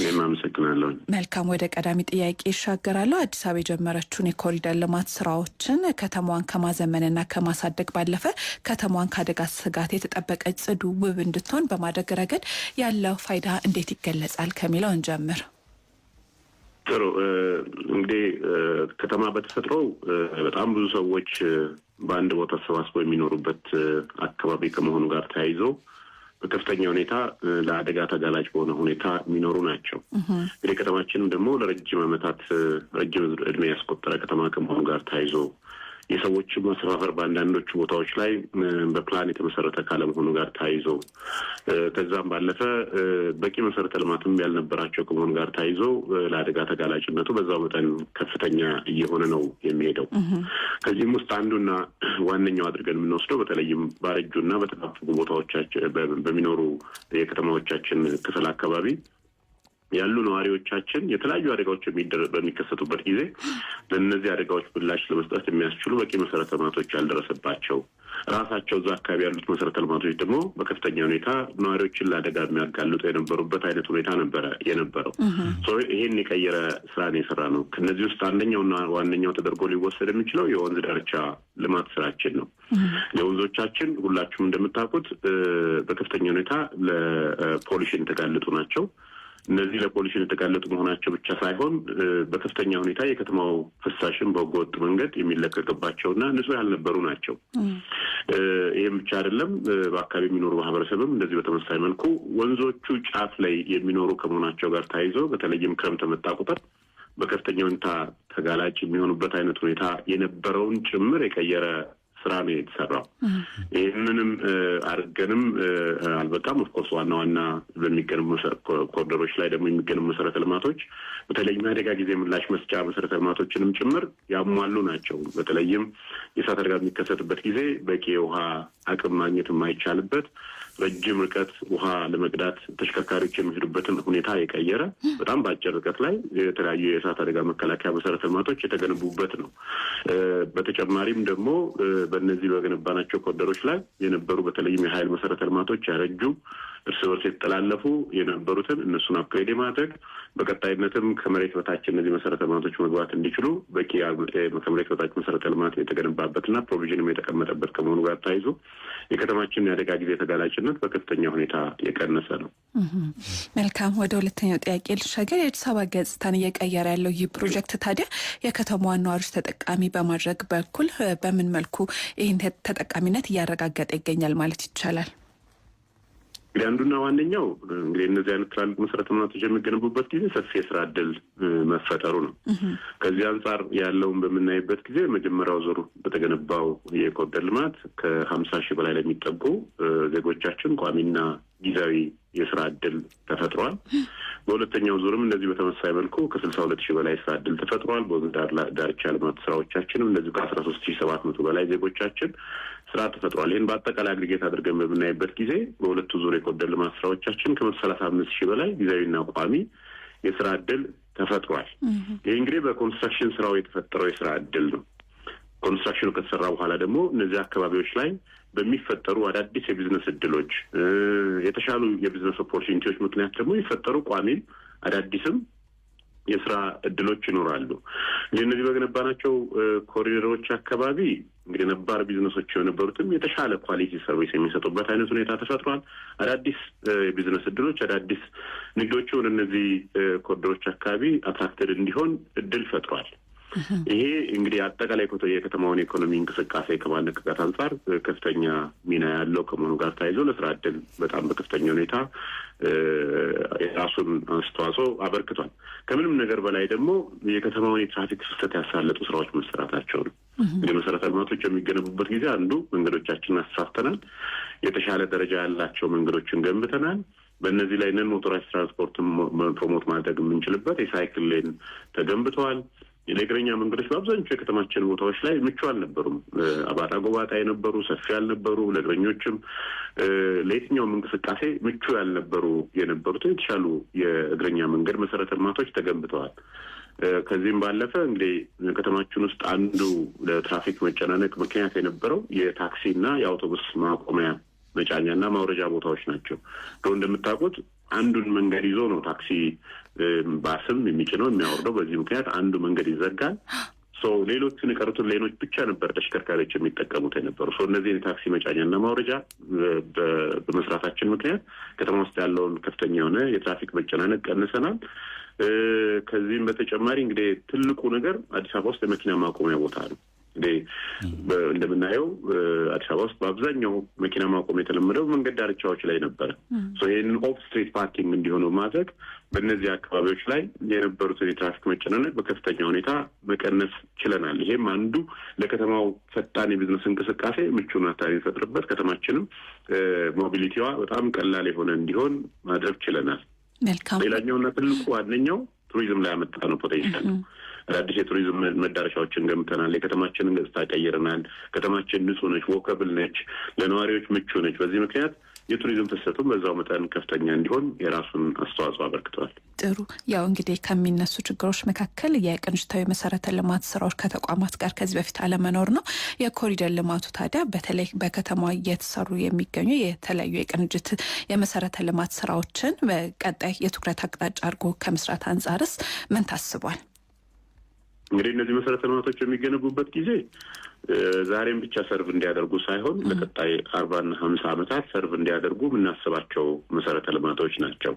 እኔም አመሰግናለሁ። መልካም። ወደ ቀዳሚ ጥያቄ ይሻገራለሁ። አዲስ አበባ የጀመረችውን የኮሪደር ልማት ስራዎችን ከተማዋን ከማዘመንና ከማሳደግ ባለፈ ከተማዋን ከአደጋ ስጋት የተጠበቀ ጽዱ፣ ውብ እንድትሆን በማድረግ ረገድ ያለው ፋይዳ እንዴት ይገለጻል ከሚለው እንጀምር። ጥሩ እንግዲህ ከተማ በተፈጥሮው በጣም ብዙ ሰዎች በአንድ ቦታ ተሰባስበው የሚኖሩበት አካባቢ ከመሆኑ ጋር ተያይዞ በከፍተኛ ሁኔታ ለአደጋ ተጋላጭ በሆነ ሁኔታ የሚኖሩ ናቸው። እንግዲህ ከተማችንም ደግሞ ለረጅም ዓመታት ረጅም እድሜ ያስቆጠረ ከተማ ከመሆኑ ጋር ተያይዞ የሰዎች መሰፋፈር በአንዳንዶቹ ቦታዎች ላይ በፕላን የተመሰረተ ካለመሆኑ ጋር ተያይዞ ከዛም ባለፈ በቂ መሰረተ ልማትም ያልነበራቸው ከመሆኑ ጋር ተያይዞ ለአደጋ ተጋላጭነቱ በዛው መጠን ከፍተኛ እየሆነ ነው የሚሄደው። ከዚህም ውስጥ አንዱና ዋነኛው አድርገን የምንወስደው በተለይም ባረጁና በተፋፉ ቦታዎቻችን በሚኖሩ የከተማዎቻችን ክፍል አካባቢ ያሉ ነዋሪዎቻችን የተለያዩ አደጋዎች በሚከሰቱበት ጊዜ ለእነዚህ አደጋዎች ምላሽ ለመስጠት የሚያስችሉ በቂ መሰረተ ልማቶች ያልደረሰባቸው ራሳቸው እዛ አካባቢ ያሉት መሰረተ ልማቶች ደግሞ በከፍተኛ ሁኔታ ነዋሪዎችን ለአደጋ የሚያጋልጡ የነበሩበት አይነት ሁኔታ ነበረ የነበረው። ይሄን የቀየረ ስራን የሰራ ነው። ከነዚህ ውስጥ አንደኛውና ዋነኛው ተደርጎ ሊወሰድ የሚችለው የወንዝ ዳርቻ ልማት ስራችን ነው። የወንዞቻችን ሁላችሁም እንደምታውቁት በከፍተኛ ሁኔታ ለፖሊሽን የተጋለጡ ናቸው። እነዚህ ለፖሊሽን የተጋለጡ መሆናቸው ብቻ ሳይሆን በከፍተኛ ሁኔታ የከተማው ፍሳሽን በህገወጥ መንገድ የሚለቀቅባቸውና ንጹህ ያልነበሩ ናቸው። ይህም ብቻ አይደለም። በአካባቢ የሚኖሩ ማህበረሰብም እንደዚህ በተመሳሳይ መልኩ ወንዞቹ ጫፍ ላይ የሚኖሩ ከመሆናቸው ጋር ተያይዘው በተለይም ክረምት በመጣ ቁጥር በከፍተኛ ሁኔታ ተጋላጭ የሚሆኑበት አይነት ሁኔታ የነበረውን ጭምር የቀየረ ስራ ነው የተሰራው። ይህንንም አድርገንም አልበቃም። ኦፍኮርስ ዋና ዋና በሚገነቡ ኮሪደሮች ላይ ደግሞ የሚገነቡ መሰረተ ልማቶች በተለይም አደጋ ጊዜ ምላሽ መስጫ መሰረተ ልማቶችንም ጭምር ያሟሉ ናቸው። በተለይም የእሳት አደጋ በሚከሰትበት ጊዜ በቂ የውሃ አቅም ማግኘት የማይቻልበት ረጅም ርቀት ውሃ ለመቅዳት ተሽከርካሪዎች የሚሄዱበትን ሁኔታ የቀየረ በጣም በአጭር ርቀት ላይ የተለያዩ የእሳት አደጋ መከላከያ መሰረተ ልማቶች የተገነቡበት ነው። በተጨማሪም ደግሞ በእነዚህ በገነባናቸው ኮደሮች ላይ የነበሩ በተለይም የኃይል መሰረተ ልማቶች ያረጁ እርስ በርስ የተጠላለፉ የነበሩትን እነሱን አፕግሬድ የማድረግ በቀጣይነትም ከመሬት በታች እነዚህ መሰረተ ልማቶች መግባት እንዲችሉ በቂ ከመሬት በታች መሰረተ ልማት የተገነባበትና ፕሮቪዥንም የተቀመጠበት ከመሆኑ ጋር ታይዞ የከተማችንን የአደጋ ጊዜ ተጋላጭነት በከፍተኛ ሁኔታ የቀነሰ ነው። መልካም፣ ወደ ሁለተኛው ጥያቄ ልሻገር። የአዲስ አበባ ገጽታን እየቀየረ ያለው ይህ ፕሮጀክት ታዲያ የከተማዋን ነዋሪዎች ተጠቃሚ በማድረግ በኩል በምን መልኩ ይህን ተጠቃሚነት እያረጋገጠ ይገኛል ማለት ይቻላል? እንግዲህ አንዱና ዋነኛው እንግዲህ እነዚህ አይነት ትላልቅ መሰረተ ልማቶች የሚገነቡበት ጊዜ ሰፊ የስራ እድል መፈጠሩ ነው። ከዚህ አንጻር ያለውን በምናይበት ጊዜ መጀመሪያው ዙር በተገነባው የኮሪደር ልማት ከሀምሳ ሺህ በላይ ለሚጠጉ ዜጎቻችን ቋሚና ጊዜያዊ የስራ እድል ተፈጥሯል። በሁለተኛው ዙርም እንደዚህ በተመሳሳይ መልኩ ከስልሳ ሁለት ሺህ በላይ የስራ እድል ተፈጥሯል። በወንዝ ዳርቻ ልማት ስራዎቻችንም እንደዚሁ ከአስራ ሶስት ሺህ ሰባት መቶ በላይ ዜጎቻችን ስራ ተፈጥሯል። ይህን በአጠቃላይ አግሪጌት አድርገን በምናይበት ጊዜ በሁለቱ ዙር የኮሪደር ልማት ስራዎቻችን ከመቶ ሰላሳ አምስት ሺህ በላይ ጊዜያዊና ቋሚ የስራ እድል ተፈጥሯል። ይህ እንግዲህ በኮንስትራክሽን ስራው የተፈጠረው የስራ እድል ነው። ኮንስትራክሽኑ ከተሰራ በኋላ ደግሞ እነዚህ አካባቢዎች ላይ በሚፈጠሩ አዳዲስ የቢዝነስ እድሎች፣ የተሻሉ የቢዝነስ ኦፖርቹኒቲዎች ምክንያት ደግሞ የሚፈጠሩ ቋሚም አዳዲስም የስራ እድሎች ይኖራሉ። እንግዲህ እነዚህ በገነባናቸው ኮሪደሮች አካባቢ እንግዲህ ነባር ቢዝነሶች የነበሩትም የተሻለ ኳሊቲ ሰርቪስ የሚሰጡበት አይነት ሁኔታ ተፈጥሯል። አዳዲስ የቢዝነስ እድሎች፣ አዳዲስ ንግዶች ወደ እነዚህ ኮሪደሮች አካባቢ አትራክትድ እንዲሆን እድል ፈጥሯል። ይሄ እንግዲህ አጠቃላይ ኮቶ የከተማውን ኢኮኖሚ እንቅስቃሴ ከማነቃቃት አንጻር ከፍተኛ ሚና ያለው ከመሆኑ ጋር ተያይዞ ለስራ እድል በጣም በከፍተኛ ሁኔታ የራሱን አስተዋጽኦ አበርክቷል። ከምንም ነገር በላይ ደግሞ የከተማውን የትራፊክ ፍሰት ያሳለጡ ስራዎች መሰራታቸው ነው። እንግዲህ መሰረተ ልማቶች የሚገነቡበት ጊዜ አንዱ መንገዶቻችንን አስፋፍተናል፣ የተሻለ ደረጃ ያላቸው መንገዶችን ገንብተናል። በእነዚህ ላይ ነን ሞቶራይዝ ትራንስፖርትን ፕሮሞት ማድረግ የምንችልበት የሳይክል ሌን ተገንብተዋል። የእግረኛ መንገዶች በአብዛኞቹ የከተማችን ቦታዎች ላይ ምቹ አልነበሩም። አባጣ ጎባጣ የነበሩ ሰፊ ያልነበሩ፣ ለእግረኞችም ለየትኛውም እንቅስቃሴ ምቹ ያልነበሩ የነበሩት የተሻሉ የእግረኛ መንገድ መሰረተ ልማቶች ተገንብተዋል። ከዚህም ባለፈ እንግዲህ ከተማችን ውስጥ አንዱ ለትራፊክ መጨናነቅ ምክንያት የነበረው የታክሲና የአውቶቡስ ማቆሚያ መጫኛና ማውረጃ ቦታዎች ናቸው። እንደምታውቁት አንዱን መንገድ ይዞ ነው ታክሲ ባስም የሚጭነው የሚያወርደው። በዚህ ምክንያት አንዱ መንገድ ይዘጋል። ሌሎቹን የቀሩትን ሌኖች ብቻ ነበር ተሽከርካሪዎች የሚጠቀሙት የነበሩ። እነዚህን የታክሲ መጫኛና ማውረጃ በመስራታችን ምክንያት ከተማ ውስጥ ያለውን ከፍተኛ የሆነ የትራፊክ መጨናነቅ ቀንሰናል። ከዚህም በተጨማሪ እንግዲህ ትልቁ ነገር አዲስ አበባ ውስጥ የመኪና ማቆሚያ ቦታ ነው። እንግዲህ እንደምናየው አዲስ አበባ ውስጥ በአብዛኛው መኪና ማቆም የተለመደው መንገድ ዳርቻዎች ላይ ነበረ። ይህን ኦፍ ስትሪት ፓርኪንግ እንዲሆኑ ማድረግ በእነዚህ አካባቢዎች ላይ የነበሩትን የትራፊክ መጨናነቅ በከፍተኛ ሁኔታ መቀነስ ችለናል። ይሄም አንዱ ለከተማው ፈጣን የቢዝነስ እንቅስቃሴ ምቹ ሁኔታ የሚፈጥርበት ከተማችንም ሞቢሊቲዋ በጣም ቀላል የሆነ እንዲሆን ማድረግ ችለናል። ሌላኛውና ትልቁ ዋነኛው ቱሪዝም ላይ ያመጣ ነው ፖቴንሻል ነው። አዳዲስ የቱሪዝም መዳረሻዎችን ገምተናል። የከተማችንን ገጽታ ቀይረናል። ከተማችን ንጹህ ነች፣ ወከብል ነች፣ ለነዋሪዎች ምቹ ነች። በዚህ ምክንያት የቱሪዝም ፍሰቱም በዛው መጠን ከፍተኛ እንዲሆን የራሱን አስተዋጽኦ አበርክተዋል። ጥሩ። ያው እንግዲህ ከሚነሱ ችግሮች መካከል የቅንጅታዊ መሰረተ ልማት ስራዎች ከተቋማት ጋር ከዚህ በፊት አለመኖር ነው። የኮሪደር ልማቱ ታዲያ በተለይ በከተማ እየተሰሩ የሚገኙ የተለያዩ የቅንጅት የመሰረተ ልማት ስራዎችን በቀጣይ የትኩረት አቅጣጫ አድርጎ ከመስራት አንጻርስ ምን ታስቧል? እንግዲህ እነዚህ መሰረተ ልማቶች የሚገነቡበት ጊዜ ዛሬም ብቻ ሰርቭ እንዲያደርጉ ሳይሆን ለቀጣይ አርባና ሀምሳ ዓመታት ሰርቭ እንዲያደርጉ የምናስባቸው መሰረተ ልማቶች ናቸው።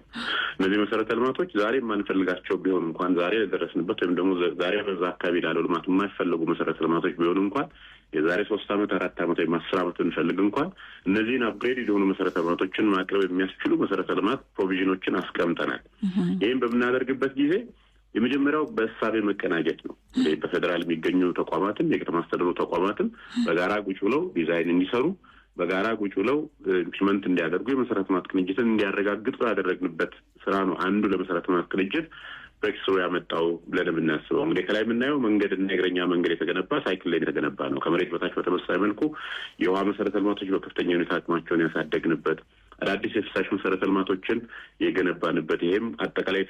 እነዚህ መሰረተ ልማቶች ዛሬ የማንፈልጋቸው ቢሆን እንኳን ዛሬ ለደረስንበት ወይም ደግሞ ዛሬ በዛ አካባቢ ላለው ልማት የማይፈለጉ መሰረተ ልማቶች ቢሆን እንኳን የዛሬ ሶስት አመት አራት አመት ወይም አስር ዓመት ብንፈልግ እንኳን እነዚህን አፕግሬድ የሆኑ መሰረተ ልማቶችን ማቅረብ የሚያስችሉ መሰረተ ልማት ፕሮቪዥኖችን አስቀምጠናል። ይህም በምናደርግበት ጊዜ የመጀመሪያው በእሳቤ መቀናጀት ነው። በፌዴራል የሚገኙ ተቋማትም የከተማ አስተዳደሩ ተቋማትም በጋራ ቁጭ ብለው ዲዛይን እንዲሰሩ በጋራ ቁጭ ብለው ኢምፕሊመንት እንዲያደርጉ የመሰረተ ልማት ቅንጅትን እንዲያረጋግጡ ያደረግንበት ስራ ነው። አንዱ ለመሰረተ ልማት ቅንጅት ብሬክስሩ ያመጣው ብለን የምናስበው እንግዲህ ከላይ የምናየው መንገድና የእግረኛ መንገድ የተገነባ ሳይክል ላይ የተገነባ ነው። ከመሬት በታች በተመሳሳይ መልኩ የውሃ መሰረተ ልማቶች በከፍተኛ ሁኔታ አቅማቸውን ያሳደግንበት አዳዲስ የፍሳሽ መሰረተ ልማቶችን የገነባንበት ይሄም አጠቃላይ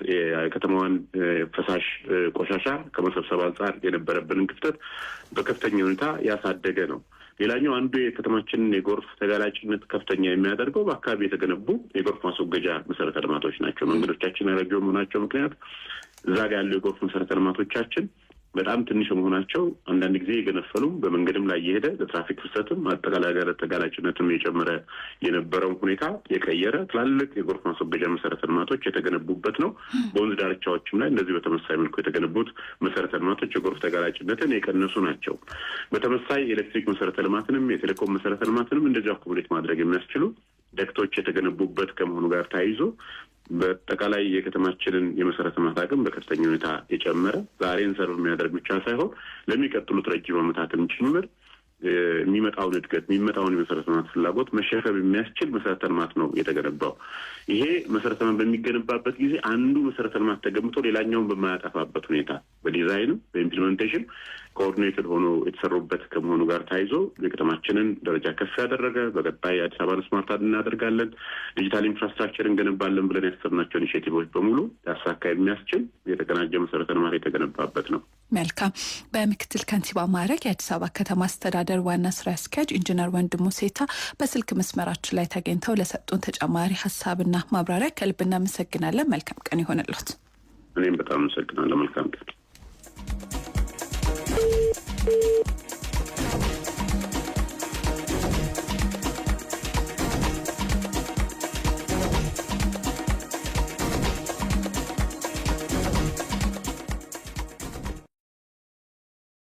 የከተማዋን ፈሳሽ ቆሻሻ ከመሰብሰብ አንጻር የነበረብንን ክፍተት በከፍተኛ ሁኔታ ያሳደገ ነው። ሌላኛው አንዱ የከተማችንን የጎርፍ ተጋላጭነት ከፍተኛ የሚያደርገው በአካባቢ የተገነቡ የጎርፍ ማስወገጃ መሰረተ ልማቶች ናቸው። መንገዶቻችን ያረጁ መሆናቸው ምክንያት እዛ ጋ ያለው የጎርፍ መሰረተ ልማቶቻችን በጣም ትንሽ መሆናቸው አንዳንድ ጊዜ የገነፈሉም በመንገድም ላይ የሄደ ለትራፊክ ፍሰትም አጠቃላይ ጋር ተጋላጭነትም የጨመረ የነበረውን ሁኔታ የቀየረ ትላልቅ የጎርፍ ማስወገጃ መሰረተ ልማቶች የተገነቡበት ነው። በወንዝ ዳርቻዎችም ላይ እንደዚህ በተመሳሳይ መልኩ የተገነቡት መሰረተ ልማቶች የጎርፍ ተጋላጭነትን የቀነሱ ናቸው። በተመሳሳይ የኤሌክትሪክ መሰረተ ልማትንም የቴሌኮም መሰረተ ልማትንም እንደዚያ አኮሞዴት ማድረግ የሚያስችሉ ደክቶች የተገነቡበት ከመሆኑ ጋር ተያይዞ በአጠቃላይ የከተማችንን የመሰረተ ልማት አቅም በከፍተኛ ሁኔታ የጨመረ ዛሬን ሰርቭ የሚያደርግ ብቻ ሳይሆን ለሚቀጥሉት ረጅም ዓመታትም ጭምር የሚመጣውን እድገት የሚመጣውን የመሰረተ ልማት ፍላጎት መሸፈብ የሚያስችል መሰረተ ልማት ነው የተገነባው። ይሄ መሰረተ ልማት በሚገነባበት ጊዜ አንዱ መሰረተ ልማት ተገንብቶ ሌላኛውን በማያጠፋበት ሁኔታ በዲዛይንም በኢምፕሊመንቴሽን ኮኦርዲኔትድ ሆኖ የተሰሩበት ከመሆኑ ጋር ተያይዞ የከተማችንን ደረጃ ከፍ ያደረገ በቀጣይ አዲስ አበባን ስማርት እናደርጋለን፣ ዲጂታል ኢንፍራስትራክቸር እንገነባለን ብለን ያሰብናቸው ኢኒሽቲቮች በሙሉ ሊያሳካ የሚያስችል የተቀናጀ መሰረተ ልማት የተገነባበት ነው። መልካም። በምክትል ከንቲባ ማዕረግ የአዲስ አበባ ከተማ አስተዳደር ዋና ስራ አስኪያጅ ኢንጂነር ወንድሙ ሴታ በስልክ መስመራችን ላይ ተገኝተው ለሰጡን ተጨማሪ ሀሳብና ማብራሪያ ከልብ እናመሰግናለን። መልካም ቀን ይሆንልዎት። እኔም በጣም አመሰግናለሁ። መልካም ቀን